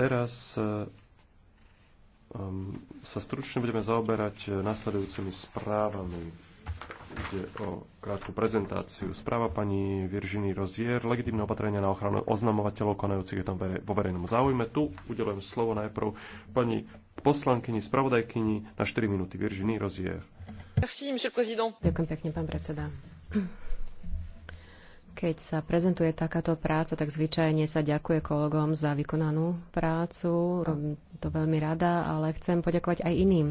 Teraz eh, ehm, sa stručne budeme zaoberať eh, nasledujúcimi správami. Ide o krátku prezentáciu. Správa pani Virginie Rozier, legitimné opatrenia na ochranu oznamovateľov konajúcich vo verejnom záujme. Tu udelujem slovo najprv pani poslankyni, spravodajkyni na 4 minúty. Virginie Rozier. Ďakujem pekne, pán predseda. Keď sa prezentuje takáto práca, tak zvyčajne sa ďakuje kolegom za vykonanú prácu. Robím to veľmi rada, ale chcem poďakovať aj iným.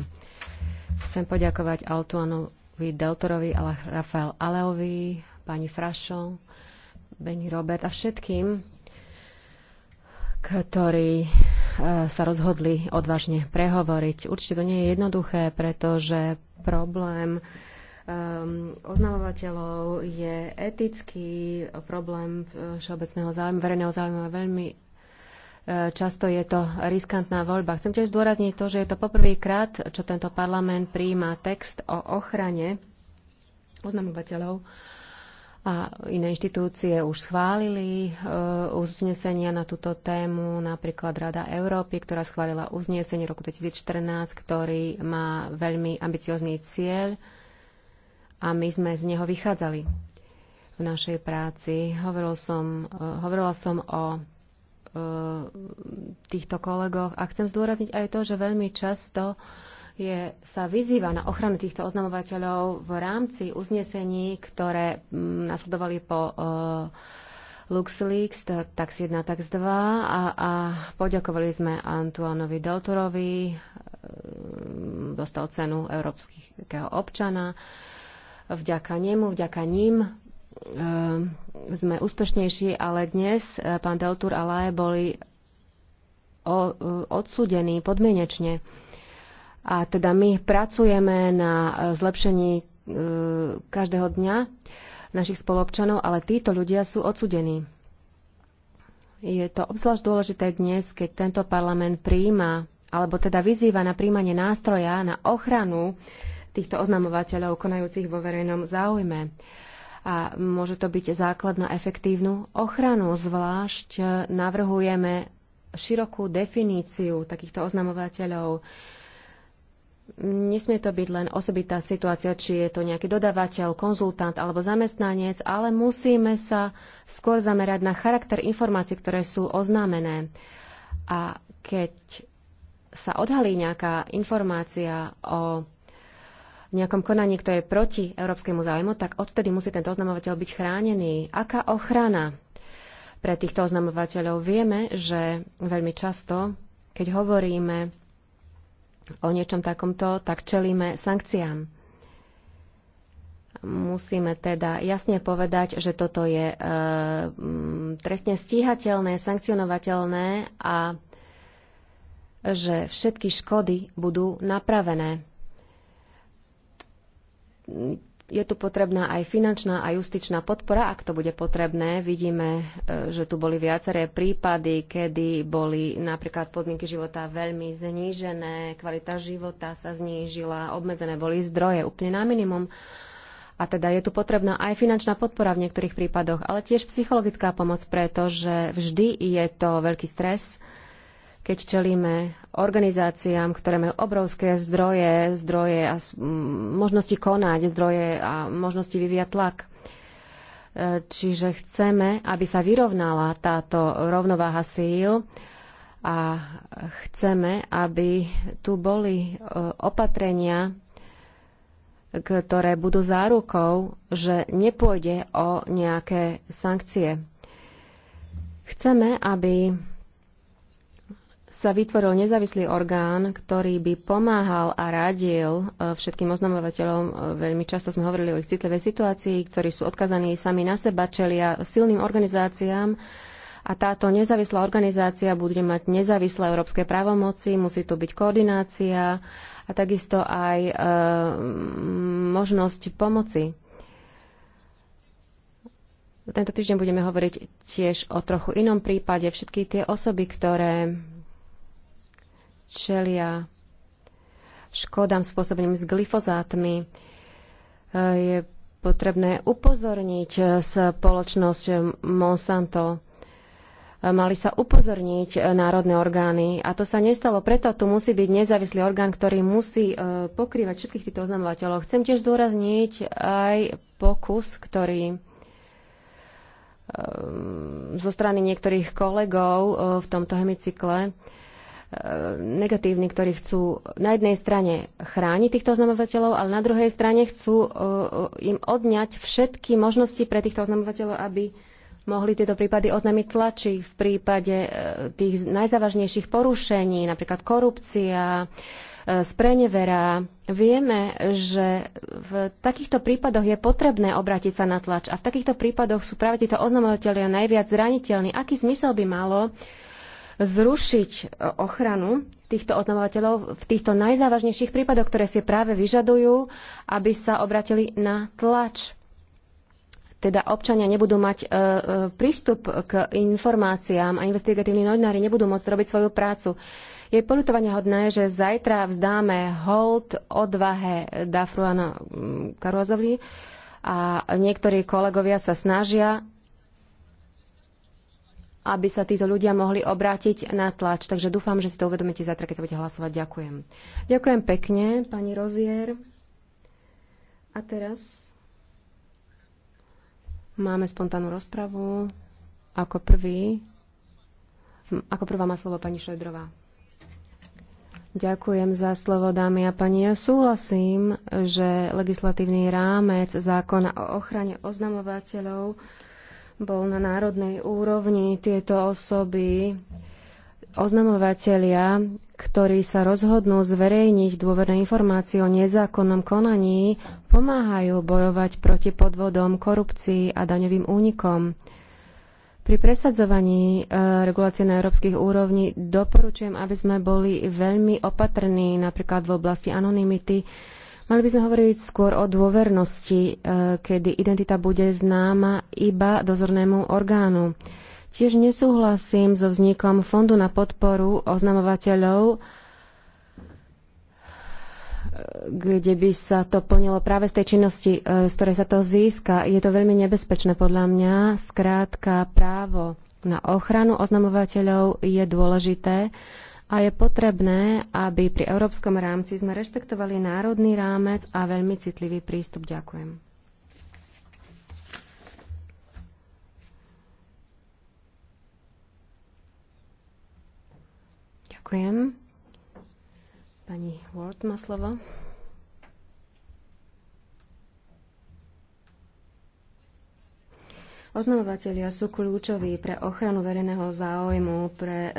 Chcem poďakovať Altuanovi Deltorovi, ale Rafael Aleovi, pani Frašo, Beni Robert a všetkým, ktorí e, sa rozhodli odvážne prehovoriť. Určite to nie je jednoduché, pretože problém um, oznamovateľov je etický problém e, všeobecného záujmu, verejného záujmu veľmi e, Často je to riskantná voľba. Chcem tiež zdôrazniť to, že je to poprvýkrát, čo tento parlament prijíma text o ochrane oznamovateľov a iné inštitúcie už schválili e, uznesenia na túto tému, napríklad Rada Európy, ktorá schválila uznesenie roku 2014, ktorý má veľmi ambiciozný cieľ a my sme z neho vychádzali v našej práci. Hovoril som, e, hovorila som o e, týchto kolegoch a chcem zdôrazniť aj to, že veľmi často je, sa vyzýva na ochranu týchto oznamovateľov v rámci uznesení, ktoré m, nasledovali po uh, LuxLeaks, tax 1, tax 2 a, a poďakovali sme Antuanovi Deltorovi, dostal cenu európskeho občana. Uh, Vďaka nemu, vďaka ním e, sme úspešnejší, ale dnes e, pán Deltur a Lae boli e, odsúdení podmienečne. A teda my pracujeme na zlepšení každého dňa našich spolobčanov, ale títo ľudia sú odsudení. Je to obzvlášť dôležité dnes, keď tento parlament príjma, alebo teda vyzýva na príjmanie nástroja na ochranu týchto oznamovateľov konajúcich vo verejnom záujme. A môže to byť základ na efektívnu ochranu. Zvlášť navrhujeme širokú definíciu takýchto oznamovateľov. Nesmie to byť len osobitá situácia, či je to nejaký dodávateľ, konzultant alebo zamestnanec, ale musíme sa skôr zamerať na charakter informácií, ktoré sú oznámené. A keď sa odhalí nejaká informácia o v nejakom konaní, kto je proti európskemu záujmu, tak odtedy musí tento oznamovateľ byť chránený. Aká ochrana pre týchto oznamovateľov? Vieme, že veľmi často, keď hovoríme o niečom takomto, tak čelíme sankciám. Musíme teda jasne povedať, že toto je e, trestne stíhateľné, sankcionovateľné a že všetky škody budú napravené je tu potrebná aj finančná a justičná podpora, ak to bude potrebné. Vidíme, e, že tu boli viaceré prípady, kedy boli napríklad podmienky života veľmi znížené, kvalita života sa znížila, obmedzené boli zdroje úplne na minimum. A teda je tu potrebná aj finančná podpora v niektorých prípadoch, ale tiež psychologická pomoc, pretože vždy je to veľký stres keď čelíme organizáciám, ktoré majú obrovské zdroje, zdroje a možnosti konať, zdroje a možnosti vyvíjať tlak. E, čiže chceme, aby sa vyrovnala táto rovnováha síl a chceme, aby tu boli e, opatrenia, ktoré budú zárukou, že nepôjde o nejaké sankcie. Chceme, aby sa vytvoril nezávislý orgán, ktorý by pomáhal a radil e, všetkým oznamovateľom. E, veľmi často sme hovorili o ich citlivej situácii, ktorí sú odkazaní sami na seba, čelia silným organizáciám a táto nezávislá organizácia bude mať nezávislé európske právomoci, musí tu byť koordinácia a takisto aj e, možnosť pomoci. Tento týždeň budeme hovoriť tiež o trochu inom prípade. Všetky tie osoby, ktoré čelia škodám spôsobeným s glyfozátmi. Eh, je potrebné upozorniť eh, spoločnosť Monsanto. Eh, mali sa upozorniť národné orgány a to sa nestalo. Preto tu musí byť nezávislý orgán, ktorý musí pokrývať všetkých týchto oznamovateľov. Chcem tiež zdôrazniť aj pokus, ktorý zo strany niektorých kolegov v tomto hemicykle negatívni, ktorí chcú na jednej strane chrániť týchto oznamovateľov, ale na druhej strane chcú e, e, im odňať všetky možnosti pre týchto oznamovateľov, aby mohli tieto prípady oznámiť tlači v prípade e, tých najzávažnejších porušení, napríklad korupcia, sprenevera. Vieme, že v takýchto prípadoch je potrebné obrátiť sa na tlač a v takýchto prípadoch sú práve títo oznamovateľia najviac zraniteľní. Aký zmysel by malo zrušiť e, ochranu týchto oznamovateľov v týchto najzávažnejších prípadoch, ktoré si práve vyžadujú, aby sa obratili na tlač. Teda občania nebudú mať e, e, prístup k informáciám a investigatívni novinári nebudú môcť robiť svoju prácu. Je polutovania hodné, že zajtra vzdáme hold odvahe Dafruana mm, Karuazovi a niektorí kolegovia sa snažia aby sa títo ľudia mohli obrátiť na tlač. Takže dúfam, že si to uvedomíte zajtra, keď sa budete hlasovať. Ďakujem. Ďakujem pekne, pani Rozier. A teraz máme spontánnu rozpravu. Ako prvý, ako prvá má slovo pani Šojdrová. Ďakujem za slovo, dámy a pani. Ja súhlasím, že legislatívny rámec zákona o ochrane oznamovateľov bol na národnej úrovni. Tieto osoby, oznamovateľia, ktorí sa rozhodnú zverejniť dôverné informácie o nezákonnom konaní, pomáhajú bojovať proti podvodom, korupcii a daňovým únikom. Pri presadzovaní e, regulácie na európskych úrovni doporučujem, aby sme boli veľmi opatrní, napríklad v oblasti anonymity, Mali by sme hovoriť skôr o dôvernosti, e, kedy identita bude známa iba dozornému orgánu. Tiež nesúhlasím so vznikom Fondu na podporu oznamovateľov, e, kde by sa to plnilo práve z tej činnosti, e, z ktorej sa to získa. Je to veľmi nebezpečné podľa mňa. Skrátka, právo na ochranu oznamovateľov je dôležité a je potrebné, aby pri európskom rámci sme rešpektovali národný rámec a veľmi citlivý prístup. Ďakujem. Ďakujem. Pani Ward má slovo. Oznamovateľia sú kľúčoví pre ochranu verejného záujmu, pre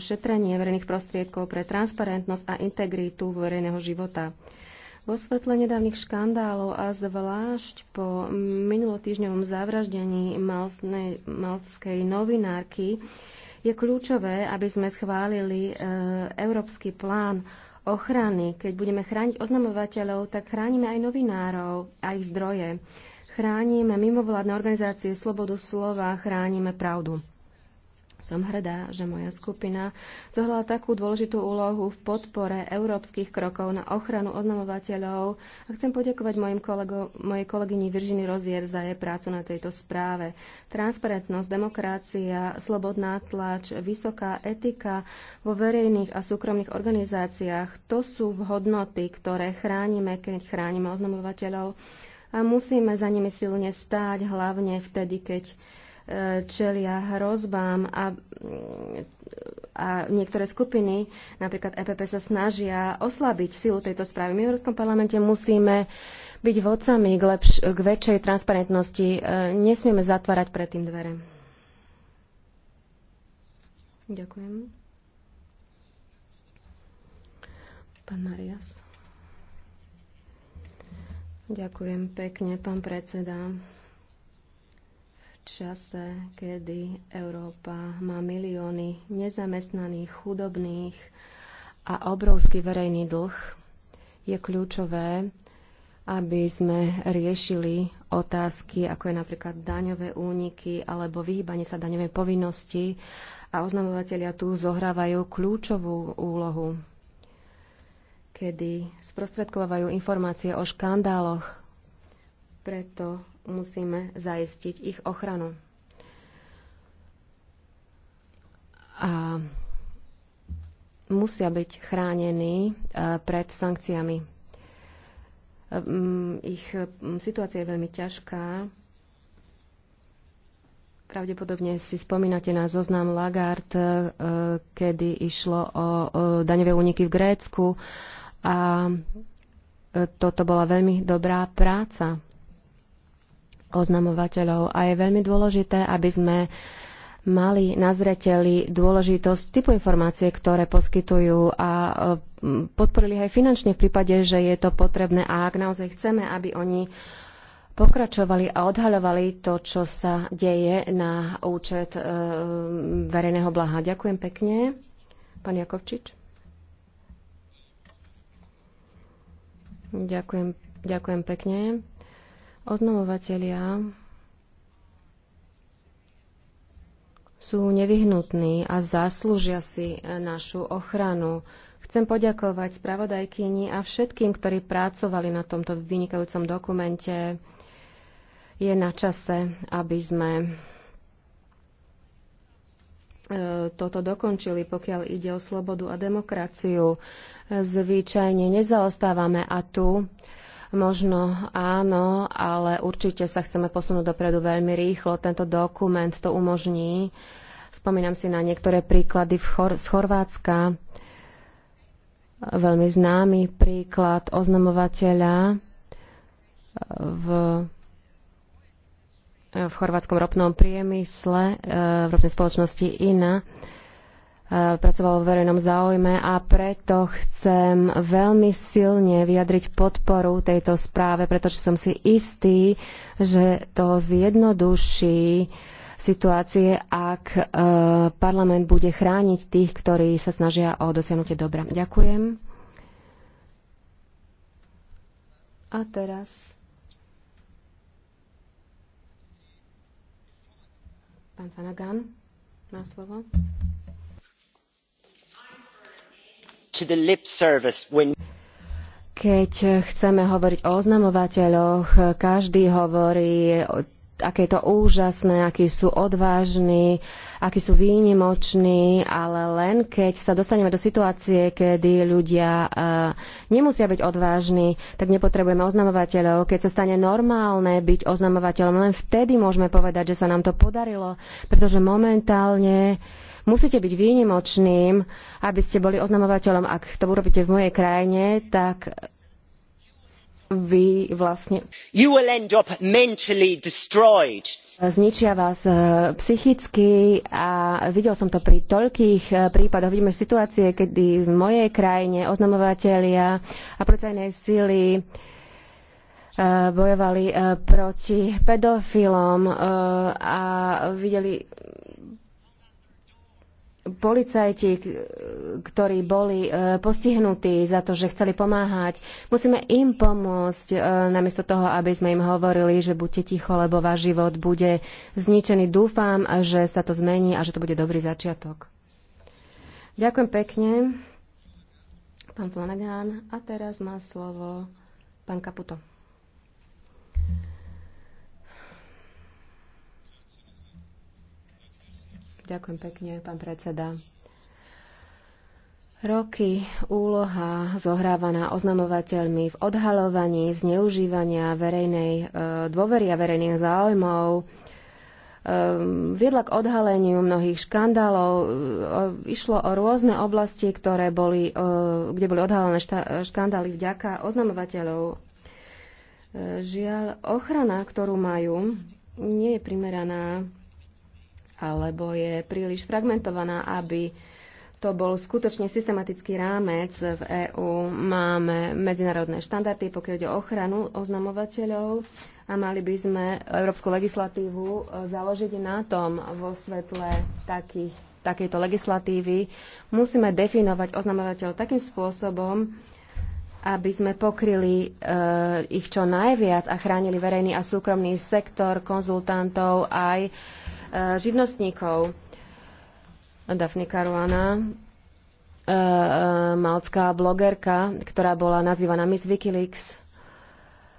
šetrenie verejných prostriedkov, pre transparentnosť a integritu verejného života. Vo svetle nedávnych škandálov a zvlášť po minulotýždňovom zavraždení malskej maltskej novinárky je kľúčové, aby sme schválili e, európsky plán ochrany. Keď budeme chrániť oznamovateľov, tak chránime aj novinárov a ich zdroje. Chránime mimovládne organizácie, slobodu slova, chránime pravdu. Som hrdá, že moja skupina zohla takú dôležitú úlohu v podpore európskych krokov na ochranu oznamovateľov a chcem poďakovať mojim kolego, mojej kolegyni Viržiny Rozier za jej prácu na tejto správe. Transparentnosť, demokracia, slobodná tlač, vysoká etika vo verejných a súkromných organizáciách, to sú hodnoty, ktoré chránime, keď chránime oznamovateľov a musíme za nimi silne stáť, hlavne vtedy, keď e, čelia hrozbám a, a niektoré skupiny, napríklad EPP, sa snažia oslabiť silu tejto správy. My v Európskom parlamente musíme byť vodcami k, lepš- k väčšej transparentnosti. E, nesmieme zatvárať pred tým dvere. Ďakujem. Pán Marias. Ďakujem pekne, pán predseda. V čase, kedy Európa má milióny nezamestnaných, chudobných a obrovský verejný dlh, je kľúčové, aby sme riešili otázky, ako je napríklad daňové úniky alebo vyhýbanie sa daňovej povinnosti a oznamovateľia tu zohrávajú kľúčovú úlohu kedy sprostredkovávajú informácie o škandáloch. Preto musíme zajistiť ich ochranu. A musia byť chránení e, pred sankciami. E, ich situácia je veľmi ťažká. Pravdepodobne si spomínate na zoznam Lagarde, e, kedy išlo o daňové úniky v Grécku a e, toto bola veľmi dobrá práca oznamovateľov a je veľmi dôležité, aby sme mali na zreteli dôležitosť typu informácie, ktoré poskytujú a e, podporili aj finančne v prípade, že je to potrebné a ak naozaj chceme, aby oni pokračovali a odhaľovali to, čo sa deje na účet e, verejného blaha. Ďakujem pekne. Pán Jakovčič. Ďakujem, ďakujem pekne. Oznamovatelia sú nevyhnutní a zaslúžia si e, našu ochranu. Chcem poďakovať spravodajkyni a všetkým, ktorí pracovali na tomto vynikajúcom dokumente. Je na čase, aby sme E, toto dokončili, pokiaľ ide o slobodu a demokraciu. Zvyčajne nezaostávame a tu Možno áno, ale určite sa chceme posunúť dopredu veľmi rýchlo. Tento dokument to umožní. Spomínam si na niektoré príklady Chor z Chorvátska. Veľmi známy príklad oznamovateľa v v chorvátskom ropnom priemysle, e, v ropnej spoločnosti INA, e, pracoval v verejnom záujme a preto chcem veľmi silne vyjadriť podporu tejto správe, pretože som si istý, že to zjednoduší situácie, ak e, parlament bude chrániť tých, ktorí sa snažia o dosiahnutie dobra. Ďakujem. A teraz Pán Fanagán má slovo. Keď chceme hovoriť o oznamovateľoch, každý hovorí aké je to úžasné, akí sú odvážni, akí sú výnimoční, ale len keď sa dostaneme do situácie, kedy ľudia eh, nemusia byť odvážni, tak nepotrebujeme oznamovateľov. Keď sa stane normálne byť oznamovateľom, len vtedy môžeme povedať, že sa nám to podarilo, pretože momentálne musíte byť výnimočným, aby ste boli oznamovateľom. Ak to urobíte v mojej krajine, tak vy vlastne you will end up mentally destroyed. Zničia vás e, psychicky a videl som to pri toľkých e, prípadoch. Vidíme situácie, kedy v mojej krajine oznamovateľia a policajnej síly e, bojovali proti pedofilom a videli policajti, ktorí boli e, postihnutí za to, že chceli pomáhať, musíme im pomôcť, e, namiesto toho, aby sme im hovorili, že buďte ticho, lebo váš život bude zničený. Dúfam, že sa to zmení a že to bude dobrý začiatok. Ďakujem pekne, pán Flanagán. A teraz má slovo pán Kaputo. Ďakujem pekne, pán predseda. Roky úloha zohrávaná oznamovateľmi v odhalovaní zneužívania verejnej e, dôvery a verejných záujmov e, viedla k odhaleniu mnohých škandálov. E, išlo o rôzne oblasti, ktoré boli, e, kde boli odhalené šta, škandály vďaka oznamovateľov. E, žiaľ, ochrana, ktorú majú, nie je primeraná alebo je príliš fragmentovaná, aby to bol skutočne systematický rámec v EÚ. Máme medzinárodné štandardy, pokiaľ ide o ochranu oznamovateľov a mali by sme európsku legislatívu e, založiť na tom vo svetle takých, takejto legislatívy. Musíme definovať oznamovateľov takým spôsobom, aby sme pokryli e, ich čo najviac a chránili verejný a súkromný sektor, konzultantov aj e, Eh, živnostníkov. Daphne Caruana, eh, eh, malcká blogerka, ktorá bola nazývaná Miss Wikileaks,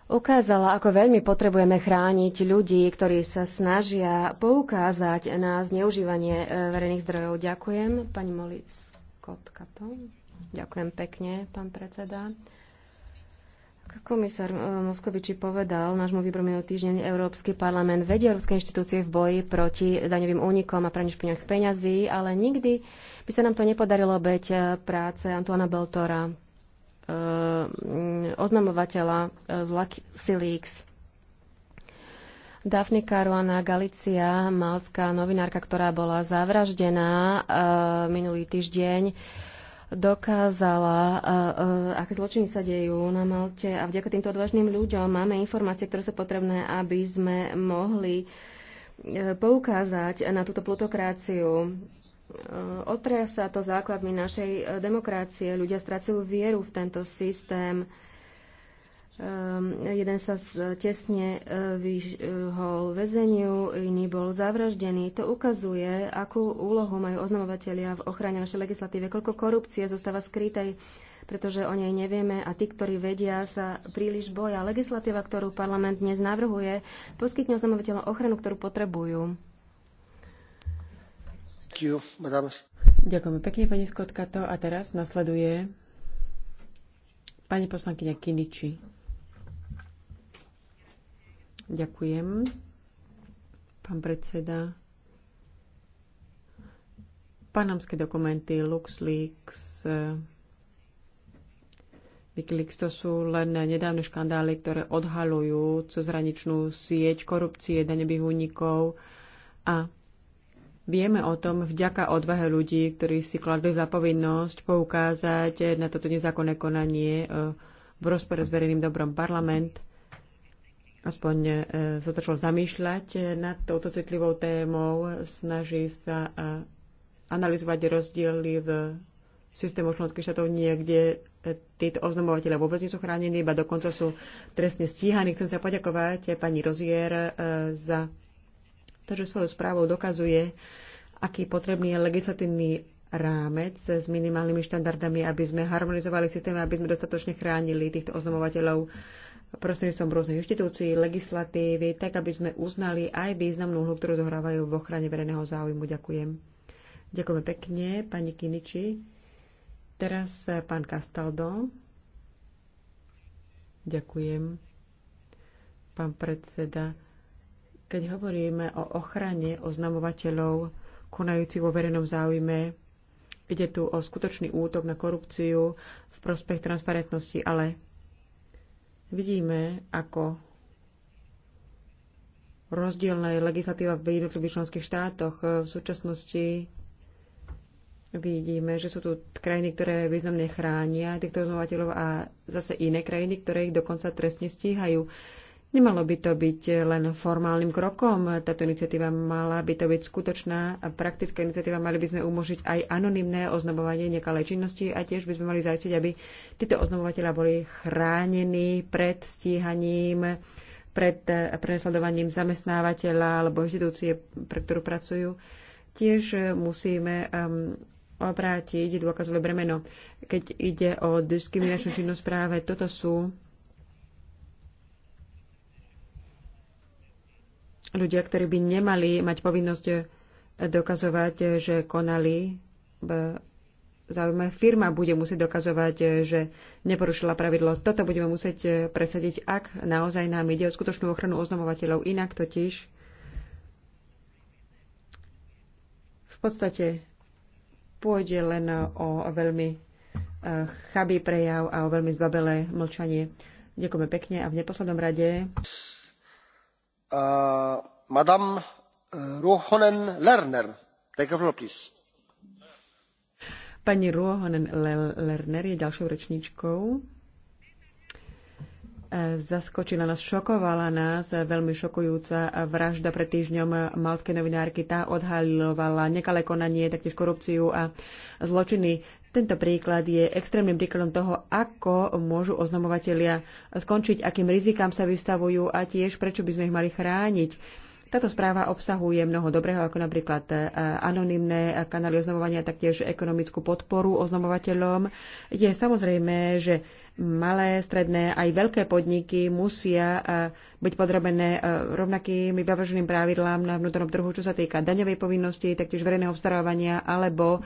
ukázala, ako veľmi potrebujeme chrániť ľudí, ktorí sa snažia poukázať na zneužívanie verejných zdrojov. Ďakujem, pani Moli Skotkato. Ďakujem pekne, pán predseda. Komisár eh, Moskoviči povedal nášmu výboru minulý týždeň, Európsky parlament vedie európske inštitúcie v boji proti daňovým únikom a praní špinavých peňazí, ale nikdy by sa nám to nepodarilo beť eh, práce Antoana Beltora, eh, mm, oznamovateľa vlaky Silíks. Daphne Caruana Galicia, malská novinárka, ktorá bola zavraždená minulý týždeň, dokázala, aké zločiny sa dejú na Malte a vďaka týmto odvážnym ľuďom máme informácie, ktoré sú potrebné, aby sme mohli e, poukázať na túto plutokráciu. E, Otria sa to základmi našej e, demokracie. Ľudia stracujú vieru v tento systém. Um, jeden sa tesne eh, vyhol väzeniu, iný bol zavraždený. To ukazuje, akú úlohu majú oznamovateľia v ochrane našej legislatíve, koľko korupcie zostáva skrytej, pretože o nej nevieme a tí, ktorí vedia, sa príliš boja. Legislatíva, ktorú parlament dnes navrhuje, poskytne oznamovateľom ochranu, ktorú potrebujú. Ďakujem pekne, pani Skotkato. A teraz nasleduje pani poslankyňa Kiniči. Ďakujem. Pán predseda. Panamské dokumenty, LuxLeaks, eh, Wikileaks to sú len nedávne škandály, ktoré odhalujú cezhraničnú sieť korupcie, daňových únikov a vieme o tom vďaka odvahe ľudí, ktorí si kladli za povinnosť poukázať na toto nezákonné konanie eh, v rozpore s verejným dobrom parlament aspoň e, sa začal zamýšľať e, nad touto citlivou témou, snaží sa e, analyzovať rozdiely v systému členských štátov niekde títo oznamovateľe vôbec nie sú chránení, iba dokonca sú trestne stíhaní. Chcem sa poďakovať pani Rozier za to, že svojou správou dokazuje, aký potrebný je legislatívny rámec s minimálnymi štandardami, aby sme harmonizovali systémy, aby sme dostatočne chránili týchto oznamovateľov prostredníctvom rôznych inštitúcií, legislatívy, tak aby sme uznali aj významnú úlohu, ktorú zohrávajú v ochrane verejného záujmu. Ďakujem. Ďakujeme pekne, pani Kiniči. Teraz eh, pán Castaldo. Ďakujem. Pán predseda, keď hovoríme o ochrane oznamovateľov konajúcich vo verejnom záujme, ide tu o skutočný útok na korupciu v prospech transparentnosti, ale Vidíme, ako rozdielna je legislatíva v jednotlivých členských štátoch. V súčasnosti vidíme, že sú tu krajiny, ktoré významne chránia týchto oznamovateľov a zase iné krajiny, ktoré ich dokonca trestne stíhajú. Nemalo by to byť len formálnym krokom. Táto iniciatíva mala by to byť skutočná a praktická iniciatíva. Mali by sme umožniť aj anonimné oznamovanie nekalej činnosti a tiež by sme mali zajistiť, aby títo oznamovateľa boli chránení pred stíhaním, pred eh, prenasledovaním zamestnávateľa alebo inštitúcie, pre ktorú pracujú. Tiež musíme um, obrátiť dôkazové bremeno. Keď ide o diskriminačnú činnosť práve, toto sú ľudia, ktorí by nemali mať povinnosť eh, dokazovať, eh, že konali v záujme firma, bude musieť dokazovať, eh, že neporušila pravidlo. Toto budeme musieť presadiť, ak naozaj nám ide o skutočnú ochranu oznamovateľov. Inak totiž v podstate pôjde len o veľmi chabý prejav a o veľmi zbabelé mlčanie. Ďakujeme pekne a v neposlednom rade Uh, uh, Pani Ruohonen Lerner je ďalšou rečníčkou. Uh, zaskočila nás, šokovala nás veľmi šokujúca vražda pred týždňom malskej novinárky. Tá odhalovala nekalé konanie, taktiež korupciu a zločiny tento príklad je extrémnym príkladom toho, ako môžu oznamovatelia skončiť, akým rizikám sa vystavujú a tiež prečo by sme ich mali chrániť. Táto správa obsahuje mnoho dobrého, ako napríklad eh, anonymné kanály oznamovania, taktiež ekonomickú podporu oznamovateľom. Je samozrejme, že malé, stredné aj veľké podniky musia eh, byť podrobené eh, rovnakým vyváženým právidlám na vnútornom trhu, čo sa týka daňovej povinnosti, taktiež verejného obstarávania alebo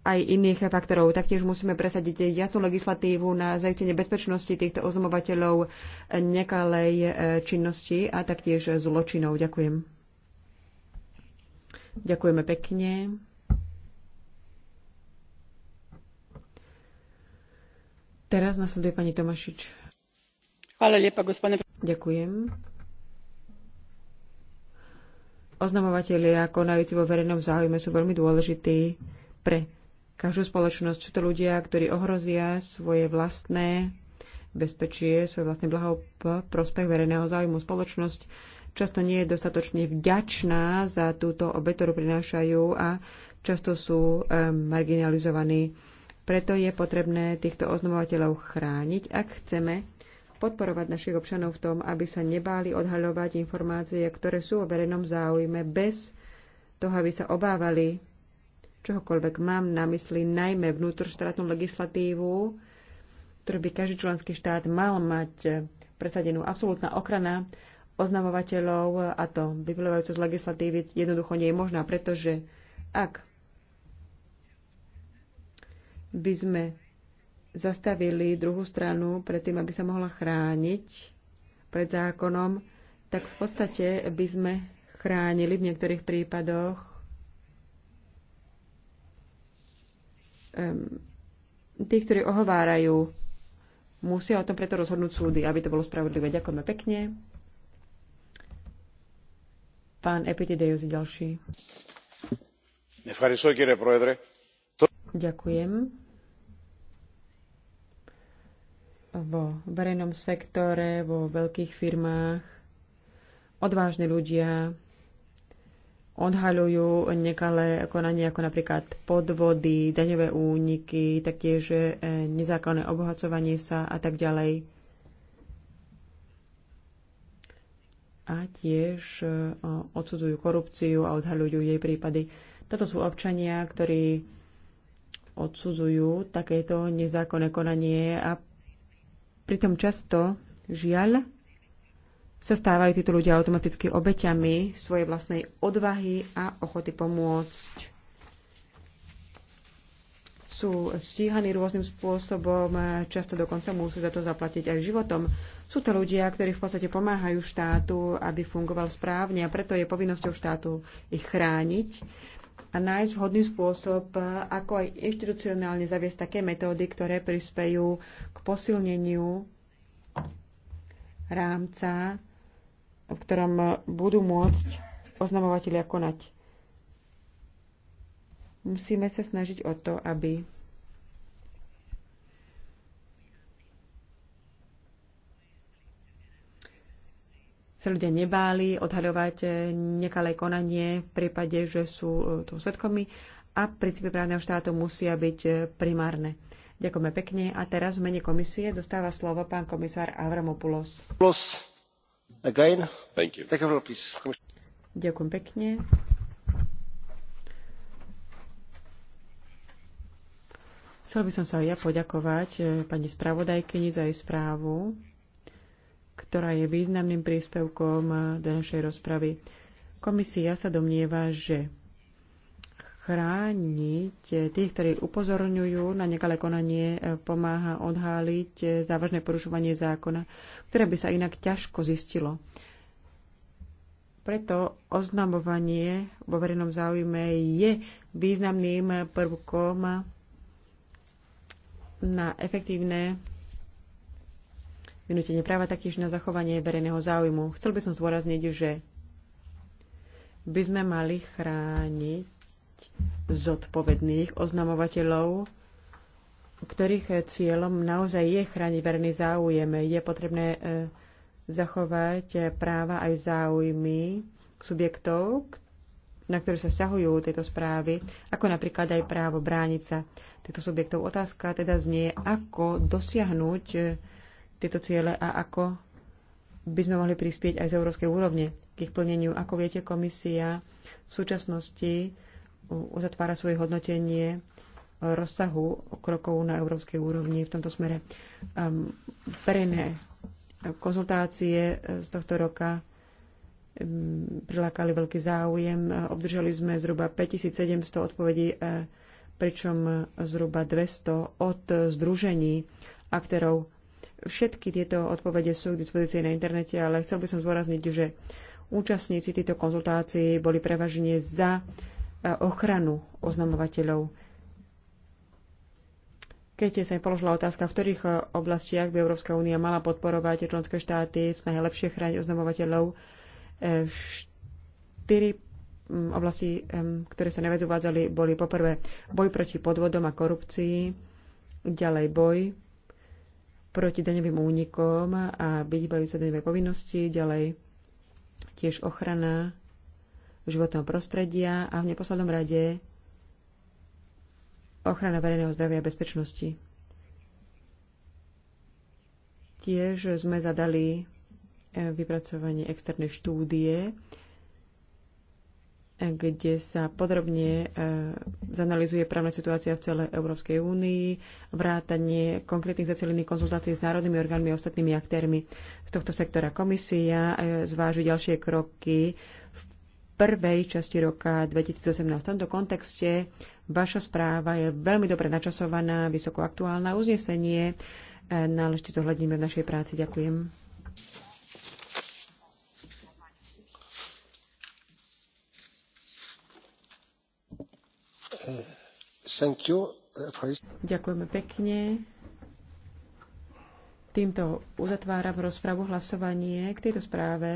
aj iných faktorov. Taktiež musíme presadiť jasnú legislatívu na zaistenie bezpečnosti týchto oznamovateľov nekalej e, činnosti a taktiež zločinov. Ďakujem. Ďakujeme pekne. Teraz nasleduje pani Tomašič. Hvala gospodine. Ďakujem. Oznamovateľia konajúci vo verejnom záujme sú veľmi dôležití pre každú spoločnosť. Sú to ľudia, ktorí ohrozia svoje vlastné bezpečie, svoje vlastné blaho prospech verejného záujmu. Spoločnosť často nie je dostatočne vďačná za túto obe, ktorú prinášajú a často sú um, marginalizovaní. Preto je potrebné týchto oznamovateľov chrániť, ak chceme podporovať našich občanov v tom, aby sa nebáli odhaľovať informácie, ktoré sú o verejnom záujme, bez toho, aby sa obávali čohokoľvek. Mám na mysli najmä vnútroštátnu legislatívu, ktorú by každý členský štát mal mať presadenú absolútna ochrana oznamovateľov a to vyplývajúce z legislatívy jednoducho nie je možná, pretože ak by sme zastavili druhú stranu pred tým, aby sa mohla chrániť pred zákonom, tak v podstate by sme chránili v niektorých prípadoch tých, ktorí ohovárajú. Musia o tom preto rozhodnúť súdy, aby to bolo spravodlivé. Ďakujeme pekne. Pán Epitideus ďalší. Ďakujem vo verejnom sektore, vo veľkých firmách. Odvážni ľudia odhaľujú nekalé konanie ako napríklad podvody, daňové úniky, taktiež e, nezákonné obohacovanie sa a tak ďalej. A tiež e, odsudzujú korupciu a odhaľujú jej prípady. Toto sú občania, ktorí odsudzujú takéto nezákonné konanie a Pritom často, žiaľ, sa stávajú títo ľudia automaticky obeťami svojej vlastnej odvahy a ochoty pomôcť. Sú stíhaní rôznym spôsobom, často dokonca musí za to zaplatiť aj životom. Sú to ľudia, ktorí v podstate pomáhajú štátu, aby fungoval správne a preto je povinnosťou štátu ich chrániť a nájsť vhodný spôsob, ako aj inštitucionálne zaviesť také metódy, ktoré prispejú k posilneniu rámca, v ktorom budú môcť oznamovateľia konať. Musíme sa snažiť o to, aby sa ľudia nebáli odhaľovať e, nekalé konanie v prípade, že sú e, tu svetkomi a princípy právneho štátu musia byť e, primárne. Ďakujeme pekne a teraz v mene komisie dostáva slovo pán komisár Avramopoulos. Again. Thank you. Thank you, Ďakujem pekne. Chcel by som sa aj ja poďakovať pani spravodajkyni za jej správu ktorá je významným príspevkom eh, do našej rozpravy. Komisia sa domnieva, že chrániť eh, tých, ktorí upozorňujú na nekalé konanie, eh, pomáha odháliť závažné porušovanie zákona, ktoré by sa inak ťažko zistilo. Preto oznamovanie vo verejnom záujme je významným prvkom na efektívne vynútenie práva, taktiež na zachovanie verejného záujmu. Chcel by som zdôrazniť, že by sme mali chrániť zodpovedných oznamovateľov, ktorých cieľom naozaj je chrániť verejný záujem. Je potrebné e, zachovať práva aj záujmy subjektov, na ktoré sa vzťahujú tieto správy, ako napríklad aj právo brániť sa týchto subjektov. Otázka teda znie, ako dosiahnuť e, tieto ciele a ako by sme mohli prispieť aj z európskej úrovne k ich plneniu. Ako viete, komisia v súčasnosti uzatvára svoje hodnotenie rozsahu krokov na európskej úrovni v tomto smere. Ehm, verejné konzultácie e, z tohto roka ehm, prilákali veľký záujem. Obdržali sme zhruba 5700 odpovedí, e, pričom zhruba 200 od e, združení aktérov Všetky tieto odpovede sú k dispozícii na internete, ale chcel by som zdôrazniť, že účastníci týchto konzultácií boli prevažne za e, ochranu oznamovateľov. Keď sa im položila otázka, v ktorých e, oblastiach by Európska únia mala podporovať členské štáty v snahe lepšie chrániť oznamovateľov, e, štyri oblasti, ktoré sa nevedú uvádzali, boli poprvé boj proti podvodom a korupcii, ďalej boj proti daňovým únikom a vyhýbajú sa daňové povinnosti, ďalej tiež ochrana životného prostredia a v neposlednom rade ochrana verejného zdravia a bezpečnosti. Tiež sme zadali eh, vypracovanie externej štúdie kde sa podrobne e, zanalizuje právna situácia v celej Európskej únii, vrátanie konkrétnych zacelených konzultácií s národnými orgánmi a ostatnými aktérmi z tohto sektora. Komisia e, zváži ďalšie kroky v prvej časti roka 2018. V tomto kontexte vaša správa je veľmi dobre načasovaná, vysoko aktuálna. Uznesenie e, to zohľadníme v našej práci. Ďakujem. Uh, Ďakujeme pekne. Týmto uzatváram rozpravu hlasovanie k tejto správe.